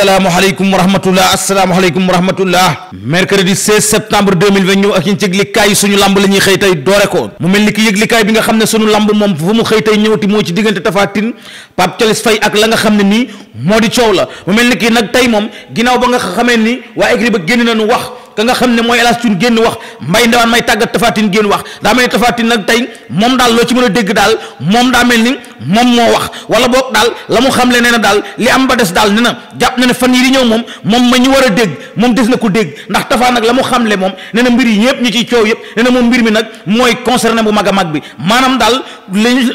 asalaamaaleykum wa rahmatullah asalaamaaleykum wa rahmatullah mercredi 16 septembre 2020 ñëw ak yéen ci yëglikaay yi suñu làmb la ñuy xëy tey doore ko mu mel ni ki yëglikaay bi nga xam ne suñu lamb moom fu mu xëy tey ñëwati moo ci diggante Tapha Tine Pape Thialis ak la nga xam ne nii moo di coow la mu mel ni ki nag tey moom ginnaaw ba nga xam xamee ni waa écrit ba génn nañu wax ka nga xam ne mooy Elas Thioune génn wax mbay ndawaan may tàggat tafatin génn wax daa mel ni tafatin nag tey moom daal loo ci mën a dégg daal moom daa mel ni moom moo wax wala boog daal la mu xam le nee na daal li am ba des daal ne na jàpp na ne fan yi di ñëw moom moom ma ñu war a dégg moom des na ko dégg ndax tafaa nag la mu xam le moom ne na mbir yi ñëpp ñu ciy coow yëpp ne na mbir mi nag mooy concerné bu a mag bi maanaam daal li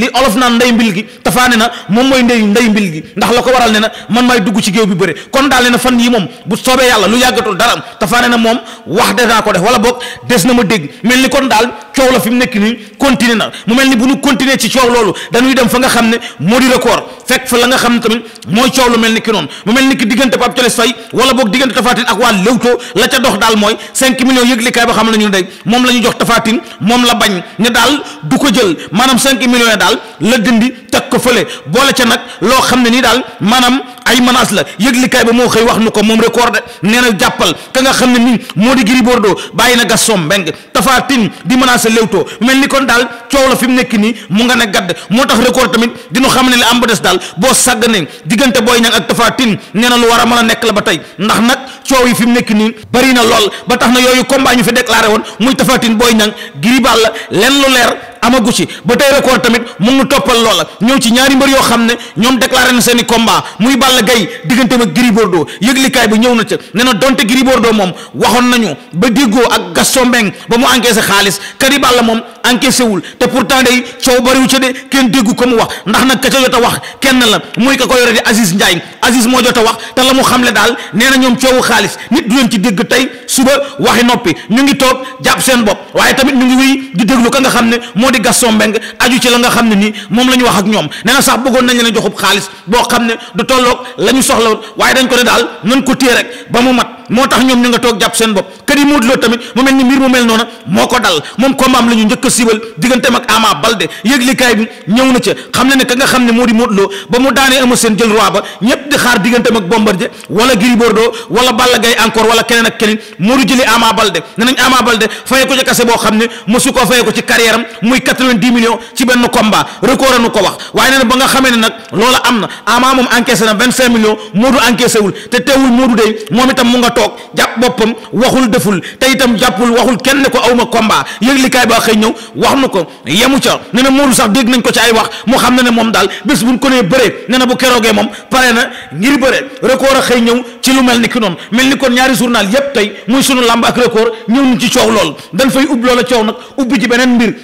li olof naan ndey mbil gi tafaa ne na moom mooy ndey ndey mbil gi ndax la ko waral ne na man maay dugg ci géew bi bëre kon daal ne na fan yi moom bu soobee yàlla lu yàggatul dara tafaa wane na moom wax des naa ko def wala boog des na ma dégg mel ni kon daal coow la fi mu nekk nii continuer na mu mel ni bu nu continuer ci coow loolu dañuy dem fa nga xam ne moo di record fekk fa la nga xam ne tamit mooy coow lu mel ni ki noonu mu mel ni ki diggante Pape Thialis Faye wala boog diggante Tafatine ak waa Leewtoo la ca dox daal mooy cinq millions yëglikaay ba xam ne ñu day moom la ñu jox Tafatine moom la bañ ne daal du ko jël maanaam cinq millions daal la dindi teg ko fële boole ca nag loo xam ne nii daal maanaam ay menace la yëglikaay ba moo xëy wax nu ko moom record de nee jàppal ka nga xam ne nii moo di Gris doo bàyyi na Gaston Mbengue Tapha Tine di menacé Leewtoo mel ni kon daal coow la fi mu nekk nii mu nga ne gadd moo tax record tamit dinu xam ne li am ba des daal boo sàgganee diggante booy Niang ak Tapha Tine nee lu war a mën a nekk la ba tey ndax nag coow yi fi mu nekk nii bari na lool ba tax na yooyu combat ñu fi déclaré woon muy Tapha Tine Boy Niang Gris Balla lenn lu leer amagu ci ba tey record tamit mu ngi toppal loola ñëw ci ñaari mbër yoo xam ne ñoom déclaré na seen i combat muy Balla Gaye digganteem ak Gris yëglikaay bi ñëw na ca ne na donte Gris Bordeaux moom waxoon nañu ba déggoo ak Gaston Mbengue ba mu encaissé xaalis kari Balla moom encaissé wul te pourtant day coow bariwu ca de kenn déggu ko mu wax ndax nag ka ca jot a wax kenn la muy ka ko yore di Aziz Ndiaye Aziz moo jot a wax te la mu xamle daal nee na ñoom coowu xaalis nit du leen ci dégg tey suba waxi noppi ñu ngi ngi wéy di déglu ka di Gaston Mbengue aju ci la nga xam ne nii moom la ñu wax ak ñoom nee na sax bëggoon nañ leen joxub xaalis boo xam ne du tolloog la ñu soxla waaye dañ ko ne daal nañ ko téye rek ba mu mat moo tax ñoom ñu nga toog jàpp seen bopp kër yi Modou Lo tamit mu mel ni mbir mu mel noona moo ko dal moom combat am njëkk a digganteem ak Ama Balde yëglikaay bi ñëw na ca xam ne ne ka nga xam ne moo di Modou ba mu daanee ama Balde ne ko ci kase boo xam ne mosu koo faye ko ci carrière am muy 90 millions ci benn combat record nu ko wax waaye nee ba nga xamee ne nag loola am na Ama moom encaissé na 25 millions Modou encaissé wul te teewul Modou day moom itam deful te itam jàppul waxul kenn ne ko aw ma combat yëglikaay ba xëy ñëw wax na ko yemu ca ne na Modou sax dégg nañ ko ci ay mu xam ne ne moom daal bés buñ ko nee bëree ne na bu keroogee moom pare na ngir bëre record mel ni ki noonu mel ni kon ñaari journal tey muy sunu lamb ak record ñëw nañ ci coow lool dañ fay ub loola coow nag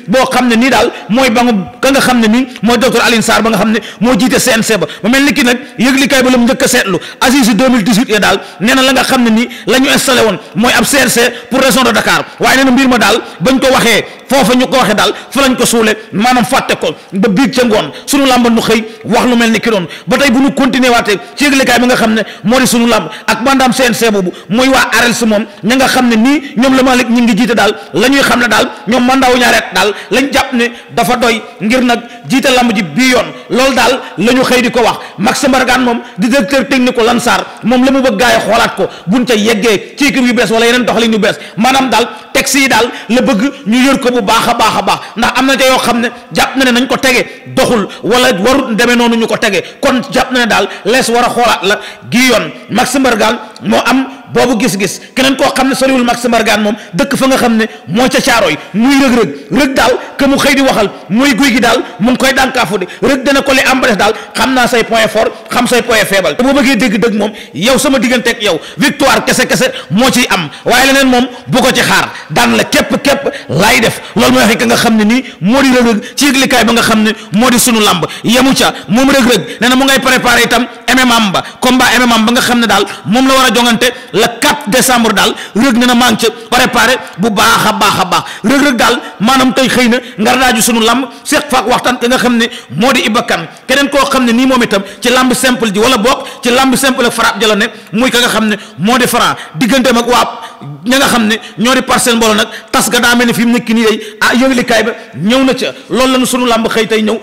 boo xam ne nii daal mooy bangu ka xam ne nii mooy docteur ba nga xam ne moo jiite CNC ba ba mel ni ki nag yëglikaay la a seetlu Aziz 2018 ya nga xam ne nii la ñu woon mooy ab CRC pour région de Dakar waaye nee na mbir ma daal bañ ko waxee foofa ñu ko waxee daal fa lañ ko suule maanaam fàtte ko ba biig ca ngoon sunu làmb nu xëy wax lu mel ni ki doon ba tey bu ñu continuer waatee ci yëglekaay bi nga xam ne mooy waa arels moom ña nga xam ne nii ñoom la Malick ñi ngi jiite daal la ñuy xam ne daal ñoom mandaawu ñaareet daal lañ jàpp ne dafa doy ngir nag jiite làmb ji bii yoon loolu daal la xëy di ko wax Max Mbargane moom di doxalin yu bees maanaam daal texte yi daal la bëgg ñu yër ko bu baax a baax a baax ndax am na te yoo xam ne jàpp na ne nañ ko tegee doxul wala warut demee noonu ñu ko tegee kon jàpp na ne daal lees war a xoolaat la gii yoon Max Mbargane moo am boobu gis-gis keneen koo xam ne soriwul Max Mbargane moom dëkk fa nga xam ne moo ca caarooy muy rëg-rëg rëg daal que xëy di waxal muy guy gi daal mu ngi koy dànkaafu di rëg dana ko li am ba des daal xam naa say point fort xam say point faible te boo bëggee dégg dëgg moom yow sama digganteeg yow victoire kese-kese moo ci am waaye leneen moom bu ko ci xaar dan la képp-képp laay def loolu mooy waxi ka nga xam ne nii moo di rëg-rëg ci yëglikaay ba nga xam ne moo di sunu lamb yemu ca moom rëg-rëg nee na mu ngay préparé itam MMA ba combat MMA ba nga xam ne daal moom la war a jongante le 4 décembre daal rëg ne na maa ngi ca préparé bu baax a baax a baax rëg-rëg daal maanaam tey xëy na ngar daaju sunu lamb seq faak waxtaan ka nga xam ne moo di ibakan keneen koo xam ne nii moom itam ci lamb simple ji wala bokk ci lamb simple ak frappe ja la ne muy ka nga xam ne moo di franc digganteem ak waa ña nga xam ne ñoo di parcelle mbooloo nag daa mel ne fi mu nekk nii day ah, ba ñëw na ca loolu la ñu sunu làmb xëy ñu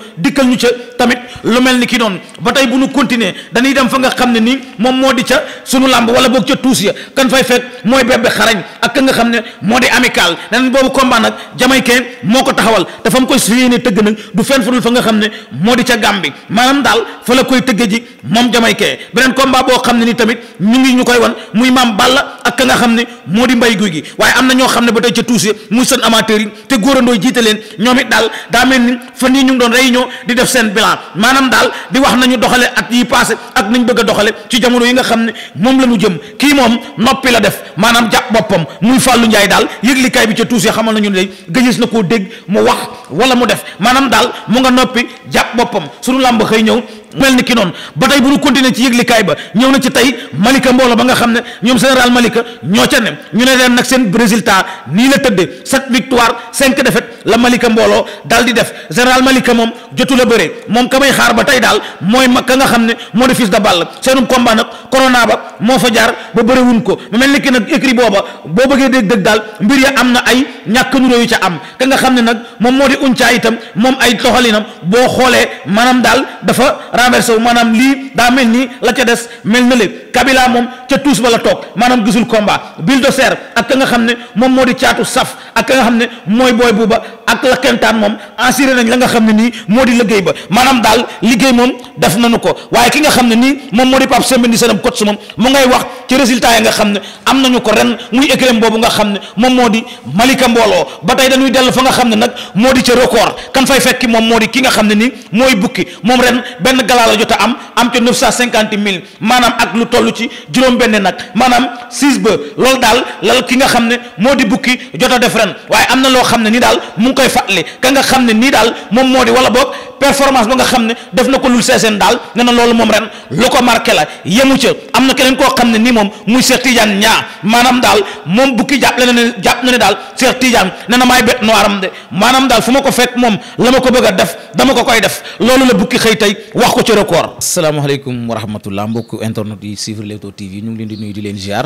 ca tamit lu mel ni ki noonu ba tey bu ñu continuer dañuy dem fa nga xam ne nii moom moo di ca sunu làmb wala boog ca tuus ya kan fay fekk mooy bébé xarañ ak ka nga xam ne moo di amical neneen boobu combat nag jamaïcain moo ko taxawal te fa mu koy tëgg nag du fenn fa nga xam ne moo di ca Gàmbi maanaam daal fa la koy tëgg ji moom jamaïcain beneen combat boo xam ne ni tamit ñu ngi ñu koy wan muy maam Balla ak ka nga xam ne moo di mbay guy gi waaye am na ñoo xam ne ba tey ca tuuse muy seen amateurs yi te góorandooy jiite leen ñoom it daal daa mel ni fan nii ñu ngi doon réunion di def seen bilan maanaam daal di wax nañu doxale at yi passé ak nañ bëgg a doxale ci jamono yi nga xam ne moom la mu jëm kii moom noppi la def maanaam jàpp boppam muy Fallou Ndiaye daal yëglikaay bi ca tuuse xamal nañu ne gëjës na koo dégg mu wax wala mu def maanaam daal mu nga noppi jàpp boppam suñu làmb xëy ñëw mel ni ki noonu ba tey bu ñu continuer ci yëglikaay ba ñëw na ci tey Malika mbooloo ba nga xam ne ñoom général Malika ñoo ca ne ñu ne leen nag seen résultat nii la tëddee sept victoire cinq défaites la Malika mbooloo daal di def général Malika moom jotu bëree moom ka may xaar ba tey daal mooy mag ka nga xam ne moo di fils de balle seenum ba moo fa jaar ba bëriwun ko mel ni ki nag booba boo bëggee dégg daal mbir ya am na ay ñàkk nuroo yu ca am ka nga xam ne nag moom moo di uncaa itam moom ay toxalinam boo xoolee maanaam daal dafa renversé wu maanaam lii daa mel ni la ca des mel na léegi Kabila moom ca tuus ba la toog maanaam gisul combat bulldozer ak ka nga xam ne moom moo di caatu saf ak ka nga xam ne mooy booy buuba ak lakkantaan moom assuré nañ la nga xam ne nii moo di liggéey ba maanaam daal liggéey moom def nañu ko waaye ki nga xam ne nii moom moo di Pape Sembène di seenam coach moom mu ngay wax ci résultat nga xam ne am nañu ko ren muy boobu nga xam ne moom moo di Malika Mbooloo ba tey dañuy dellu fa nga xam ne nag moo di ca record kan fay fekki moom moo di ki nga xam ne nii mooy bukki moom ren benn galaa jot a am am ca neuf cent cinquante mille maanaam ak lu tollu ci juróom benn nag maanaam six ba loolu daal lal ki nga xam ne moo di bukki jot def ren waaye am na loo xam ne ni daal ngi koy fàttali ka nga xam ne nii daal moom moo di wala boog performance ba nga xam ne def na ko lul seeseen daal ne na loolu moom ren lu ko marqué la yemu ca am na keneen koo xam ne nii moom muy Cheikh Tidiane ñaa maanaam daal moom bukki jàpp na ne jàpp ne daal Cheikh Tidiane ne na maay bête noire am de maanaam daal fu ma ko fekk moom la ma ko bëgg a def dama ko koy def loolu la bukki xëy tey wax ko ci record asalaamaaleykum wa rahmatullah mbokk internet yi suivre Leewtoo TV di nuyu di leen ziar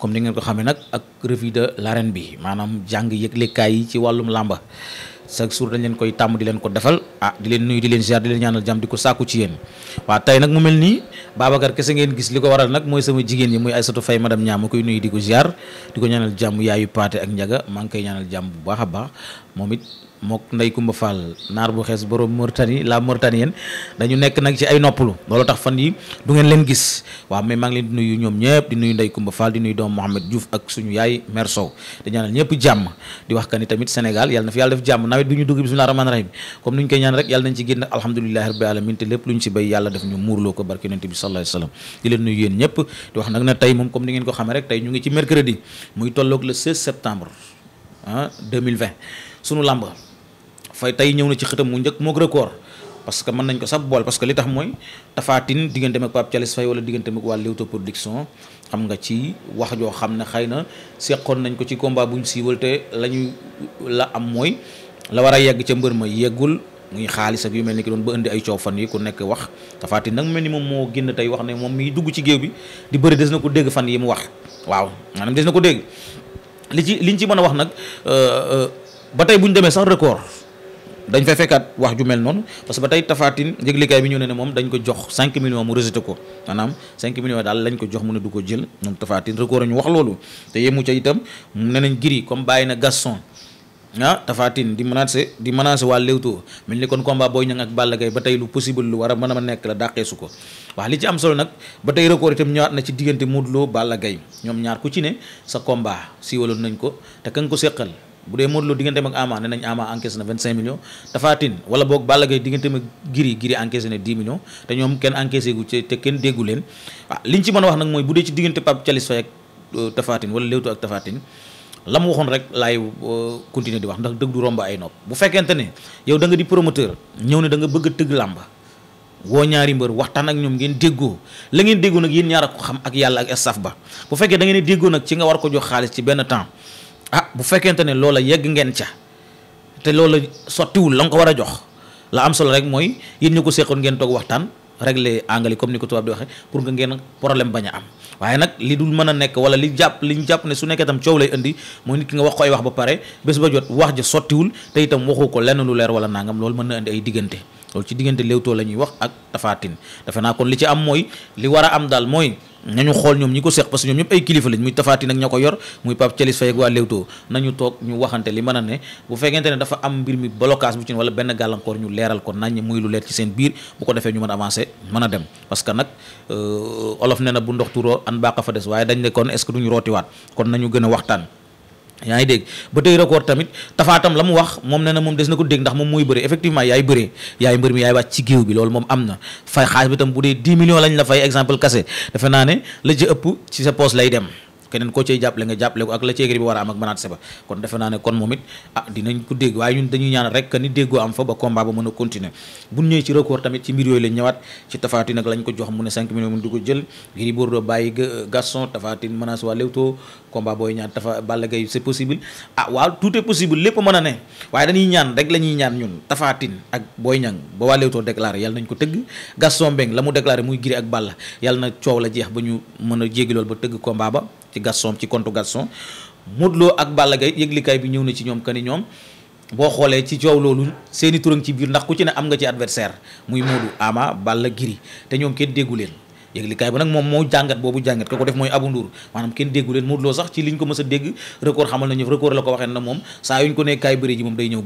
comme ni ngeen ko xame nag ak revue de l'arène bi maanaam jàng yëglekaay yi ci wàllum làmba chaque jour dañ leen koy tàmm di leen ko defal ah di leen nuyu di leen ziar di leen ñaanal jàmm di ko sàkku ci yéen waa tey nag mu mel nii Babacar kese ngeen gis li ko waral nag mooy sama jigéen ñi muy Aïssatou Faye madame ñaa ma koy nuyu di ko ziar di ko ñaanal jàmm yaayu paate ak njaga maa ngi koy ñaanal jàmm bu baax a baax moom it mook Ndey Kumba faal naar bu xees borom Mauritanie la Mauritanienne dañu nekk nag ci ay noppalu loolu tax fan yi du ngeen leen gis waaw mais maa ngi leen di nuyu ñoom ñëpp di nuyu Ndey Kumba faal di nuy doomu Mohamed Diouf ak suñu yaay mère Sow ñaanal ñëpp jàmm di wax ka ni tamit Sénégal yàlla na fi yàlla def jàmm nawet bi ñu dugg bismillah rahmaani rahim comme ni ñu koy ñaan rek yàlla nañ ci génn alhamdulilahi rabbil alamin te lépp lu ñu ci béy yàlla def ñu muurloo ko barke yonent bi sallallahu alayhi wasallam di leen nuyu yéen ñëpp di wax nag ne tey moom comme ni ngeen ko rek tey ah, sunu làmb fay tey ñëw na ci xëtam mu njëkk moog record parce que mën nañ ko sax bool parce que li tax mooy tafaatin diggante ak Pape Thialis Faye wala diggante ak waa Leewtoo production nga ci wax joo xam ne xëy na seqoon nañ ko ci combat buñ siiwal te la la am mooy la war a yegg ca mbër ma yeggul muy xaalis ak yu mel ni ki doon ba indi ay coow fan yi ku nekk wax tafaatin nag mel ni moom moo génn tey wax ne moom mii dugg ci géew bi di bëri des na ko dégg fan yi mu wax waaw maanaam des na ko dégg li ci liñ ci mën a wax nag euh, euh, ba tey buñ demee sax record dañ fay fekkaat wax ju mel noonu parce que ba tey tafaatin yëglekaay bi ñu ne ne moom dañ ko jox 5 millions mu rejeté ko maanaam 5 millions daal lañ ko jox mu ne du ko jël moom tafaatin record ñu wax loolu te yemu ca itam ne nañ giri comme bàyyi na Gaston ah tafaatin di menacé di menacé waa Leewtoo mel ni kon comba Boy Niang ak Balla Gaye ba tey lu possible lu war a mën a nekk la dàqeesu ko wax li ci am solo nag ba tey record itam ñëwaat na ci diggante Modou Lo Balla Gaye ñoom ñaar ku ci ne sa combat nañ ko te ka nga ko seqal bu dee Modou Lo digganteem ak Ama ne nañ Ama encaissé na 25 millions Tapha Tine wala boog Balla Gaye digganteem ak Gris Gris encaissé na 10 millions te ñoom kenn encaissé gu ci te kenn déggu leen ah wax nag mooy bu dee ci diggante Pape Thialis Faye ak euh, wala Leewtoo ak Tapha Tine la mu waxoon rek laay euh, continuer di wax ndax dëgg du romb ay nopp bu fekkente ne yow danga di promoteur ñëw ne da nga bëgg a tëgg làmba woo ñaari mbër waxtaan ak ñoom ngeen déggoo la ngeen déggoo nag yéen ñaar a ko xam ak yàlla ak staff ba bu fekkee da ngeen déggoo nag ci nga war ko jox xaalis ci benn temps ah bu fekkente ne loola yegg ngeen ca te loola sottiwul la nga ko war a jox la am solo rek mooy yéen ñu ko seqoon ngeen toog waxtaan régler anglais comme ni ko tubaab di waxee pour nga ngeen problème bañ a am waaye nag li dul mën a nekk wala li jàpp li ñu jàpp ne su nekkee itam coow lay indi mooy nit ki nga wax ko ay wax ba pare bés ba jot wax ja sottiwul te itam waxu ko lenn lu leer wala nangam lool mën na indi ay diggante loolu ci diggante Leewtoo la ñuy wax ak Tapha Tine naa li ci am mooy li war a am daal mooy. nañu xool ñoom ñi ko seex parce que ñoom ñëpp ay kilifa lañ muy tafaati nag ña ko yor muy Pape Thialis Faye ak waa Leewtoo nañu toog ñu waxante li mën a ne bu fekkente ne dafa am mbir mi blocage bu ci wala benn gàllankoor ñu leeral kon nañ muy lu leer ci seen biir bu ko defee ñu mën avancer mën a dem parce que nag euh, olof ne na bu ndox tuuroo an baax a fa des waaye dañ ne kon est-ce que duñu rootiwaat kon nañu gën a waxtaan yaa ngi dégg ba tey record tamit tafaatam la mu wax moom ne na moom des na ko dégg ndax moom mooy bëri effectivement yaay bëree yaay mbër mi yaay wàcc ci géew bi loolu moom am na fay xaalis bi tam bu dee 10 millions lañ la fay exemple kase defe naa ne la ci ëpp ci sa dem keneen koo cay jàppale nga jàppale ko ak la ceegri bi war a am ak naa ne kon moom it ah dinañ ko dégg waaye ñun dañuy rek que ni déggoo am fa ba combat ba mën a continuer buñ ñëwee ci record tamit ci mbir yooyu lañ jël Gris Bordeaux bàyyi Gaston tafatin menace waa Leewtoo combat booy ñaan dafa Balla Gaye c'est possible ah waaw tout est possible lépp mën a ne waaye dañuy ñaan rek la ñuy ñaan ñun Tapha Tine ak Boy Niang ba waa Leewtoo déclaré yàlla nañ ko tëgg Gaston Mbengue la mu déclaré muy Gris ak Balla yàlla na coow la jeex ba ñu mën a jéggi lool ba tëgg combat ba ci Gaston ci compte Gaston Modou Lo ak Balla Gaye yëglikaay bi ñëw na ci ñoom kani ñoom boo xoolee ci coow loolu seeni turam ci biir ndax ku ci ne am nga ci adversaire muy Modou Ama Balla Gris te ñoom kenn déggu leen yëglikaay bi nag moom moo jàngat boobu jàngat ka ko def mooy Abou Ndour maanaam kenn déggu leen Modou Lo sax ci liñ ko mës a dégg record xamal nañu record la ko waxee na moom saa yuñ ko nee kaay bëri ji moom day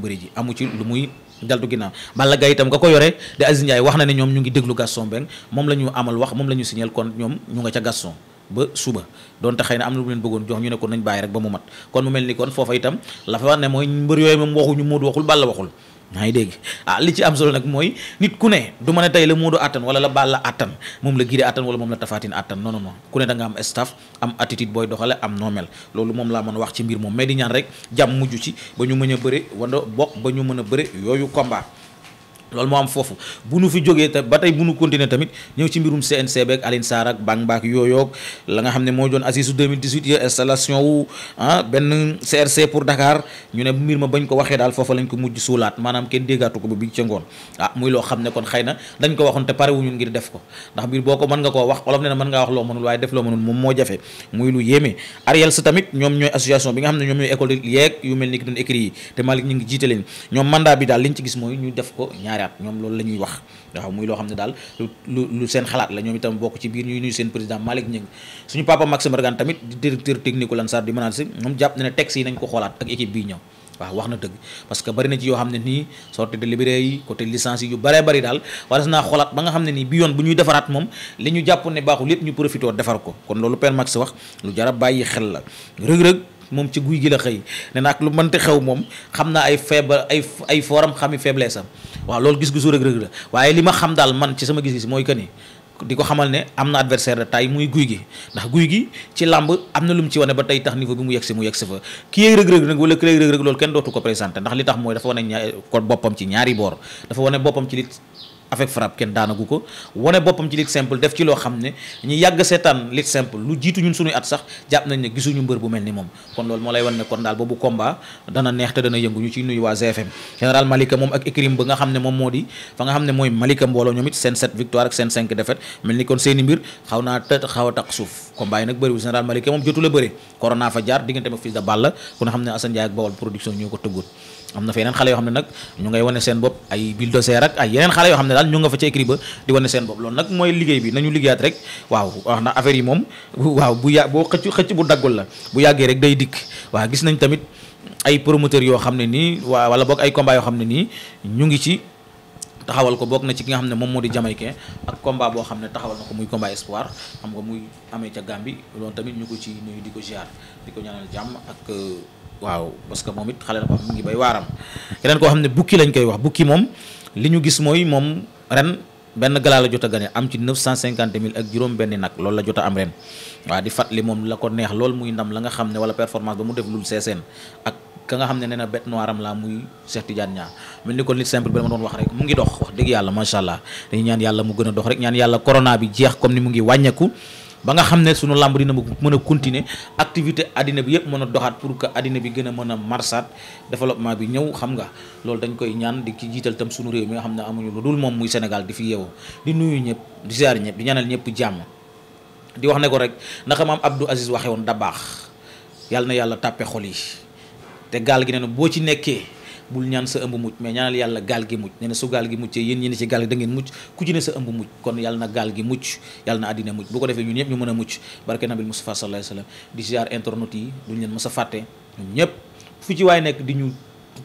wax na ne ñoom ñu ngi déglu Gaston Mbengue moom la ñu amal wax moom la ñu signal kon ñoom ñu nga ca Gaston ba suba doon taxay na am na lu leen bëggoon jox ñu ne ko nañ bàyyi rek ba mu mat kon mu mel ni kon foofa itam la fa wax ne mooy mbër yooyu moom waxuñu Modou waxul Balla waxul maa ngi dégg ah li ci am solo nag mooy nit ku ne du ma ne tey la Modou attan wala la baal Balla attan moom la Giri attan wala moom la Tapha Tine attan non non non ku ne da am staff am attitude booy doxale am noomel loolu moom laa mën a wax ci mbir moom mais di ñaan rek jàmm mujj ci ba ñu mën a bëre wala bokk ba ñu mën a bëre yooyu komba loolu moo am foofu bu nu fi jógee te ba tey bu nu continuer tamit ñëw ci mbirum CNC beeg Aline Sarr xam ne moo doon assisu 2018 ah, waxee daal foofa lañ ko mujj suulaat maanaam ah, ne kon xëy na dañ ko waxoon te pare boo ko mën koo wax olof wax loo mënul waaye def loo mënul moom moo jafe muy lu yéeme Ariel ñoom ñooy association bi nga xam ne ñoom ñooy école yeeg yu mel ni ki doon écrit yi te Malick ñu ngi jiite leen ñoom mandat bi daal liñ ci gis mooy ñu def ko ñaar ñaari at ñoom loolu la ñuy wax waaw muy loo xam ne daal lu lu seen xalaat la ñoom itam bokk ci biir ñuy nuyu seen président Malick Ngingue suñu papa Maxime Bergane tamit di directeur technique u Lansar di mën a si moom jàpp ne texte ko xoolaat ak équipe bii ñëw waaw wax na dëgg parce que bari ci yoo xam ne nii sortie de libéré yi côté licence yi yu baree bari daal war naa xoolaat ba nga xam ne nii bi yoon bu ñuy defaraat moom li ñu jàpp ne baaxul lépp ñu la moom ci guy gi la xëy nee nag lu man te xew moom xam naa ay faible ay ay foram xami faiblesse am waaw loolu gis-gisu Reug Reug la waaye li ma xam daal man ci sama gis-gis mooy que ni di ko xamal ne am na adversaire de taille muy guy gi ndax guy gi ci làmb am na lu mu ci wane ba tey tax niveau bi mu yegsi mu yegsi fa kii yëg Reug Reug nag wala ki yëg Reug loolu kenn dootu ko présenté ndax li tax mooy dafa wane ña ko boppam ci ñaari boor dafa wane boppam ci li avec frappe kenn daanagu ko wane boppam ci lit def ci loo xam ne ñu yàgg seetaan lit lu jiitu ñun suñuy at sax jàpp nañ ne gisuñu mbër bu mel ni moom kon loolu moo lay wan ne kon daal boobu combat dana neex te dana yëngu ñu ciy nuyu waa GFM général Malika moom ak écrim ba nga xam ne moom moo di fa nga xam ne mooy Malika mbooloo ñoom it seen 7 victoire ak seen 5 défaite mel ni kon seen mbir xaw naa tët xaw suuf combat yi nag daal ñu nga fa ca écrit ba di wane seen bopp loolu nag mooy liggéey bi nañu liggéeyaat rek waaw wax na affaire yi moom waaw bu yà boo xëcc xëcc bu daggul la bu yàggee rek day dikk waaw gis nañ tamit ay promoteurs yoo xam ne nii waa wala boog ay combat yoo xam ne nii ñu ngi ci taxawal ko bokk na ci ki nga xam ne moom moo di jamaïcain ak combat boo xam ne taxawal na ko muy combat espoir xam nga muy amee ca Gambie loolu tamit ñu ko ci muy di ko ziar di ko ñaanal jàmm ak euh, waaw parce que moom it xale la ko xam mu ngi bay waaram keneen koo xam ne bukki lañ koy wax bukki moom li ñu gis mooy moom ren benn galaal la jot a gane am ci neuf cent cinquante mille ak juróom benni nag loolu la jot a am ren waaw di fàttali moom la ko neex loolu muy ndam la nga xam ne wala performance ba mu def lul seeseen ak ka nga xam ne nee na bête noire am la muy Cheikh Tidiane Niang mel doon wax rek mu ngi dox wax dëgg yàlla macha allah ñaan yàlla mu gën a dox rek ñaan yàlla corona bi jeex comme ni mu ngi wàññeeku ba nga ne sunu làmb dina mën a continuer activité addina bi yëpp mën doxaat pour que addina bi gën a mën a marsaat bi ñëw xam nga loolu dañ koy ñaan di ci jiital tam sunu réew mi nga xam ne amuñu lu dul moom muy Sénégal di fi yeewoo di nuyu ñëpp di ziar ñëpp di ñaanal ñëpp jàmm di wax ne ko rek naka maam Abdou Aziz waxee woon da baax yàlla na yàlla tàppe xol yi te gaal gi nee na boo ci nekkee bul ñaan sa ëmb mucc mais ñaanal yàlla gaal gi mucc nee su gaal gi muccee yéen ñi ne ci gaal gi da ngeen mucc ku ci sa ëmb mucc kon yàlla na gaal gi mucc yàlla na àddina mucc bu ko defee ñun ñëpp ñu mën a mucc barke nabil Mustafa sallallahu alayhi wasallam di ziar internautes yi duñ leen mës a fàtte ñun ñëpp fu ci waay nekk di ñu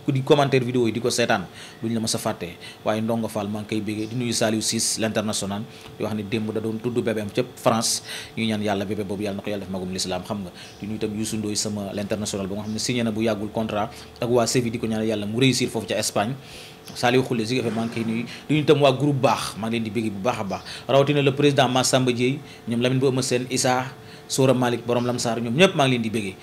ku di commentaire vidéo yi di ko seetaan duñ la ma sa fàtte waaye Ndongo Fall maa ngi koy béggee di nuyu Saliou l'international di wax ne démb da doon tudd bébé ca France ñu ñaan yàlla bébé boobu yàlla na ko yàlla def magum l'islam xam nga di nuyu itam Youssou Ndoye sama l'international ba nga xam ne signé na bu yàggul contrat ak waa Séville di ko ñaan yàlla mu réussir foofu ca Espagne Saliou Khoule Zik FM maa ngi koy nuyu di nuyu waa groupe baax maa ngi Sora Malick borom Lamsaar ñoom ñëpp maa ngi leen di bëggee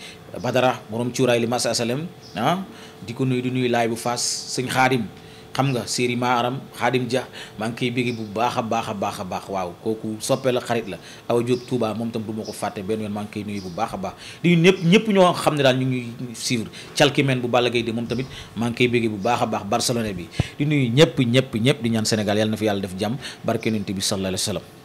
Badara borom cuuraay li Massa Salem ah di ko nuyu di nuyu laay bu Faas sëñ Xaadim xam nga séeri maaram xaadim dia maa ngi koy béggi bu baax a baax a baax a baax waaw kooku soppe xarit la awa Diop Touba moom tam du ko fàtte benn yoon maa ngi koy nuyu bu baax a baax di ñëpp ñëpp ñoo xam ne daal ñu ngi suivre calki bu Balla Gaye de moom tamit maa ngi koy bu baax a baax Barcelone bi di nuyu ñëpp ñëpp ñëpp di ñaan senegal yàlla na fi yàlla def jàmm barke yonent bi sallallahu alayhi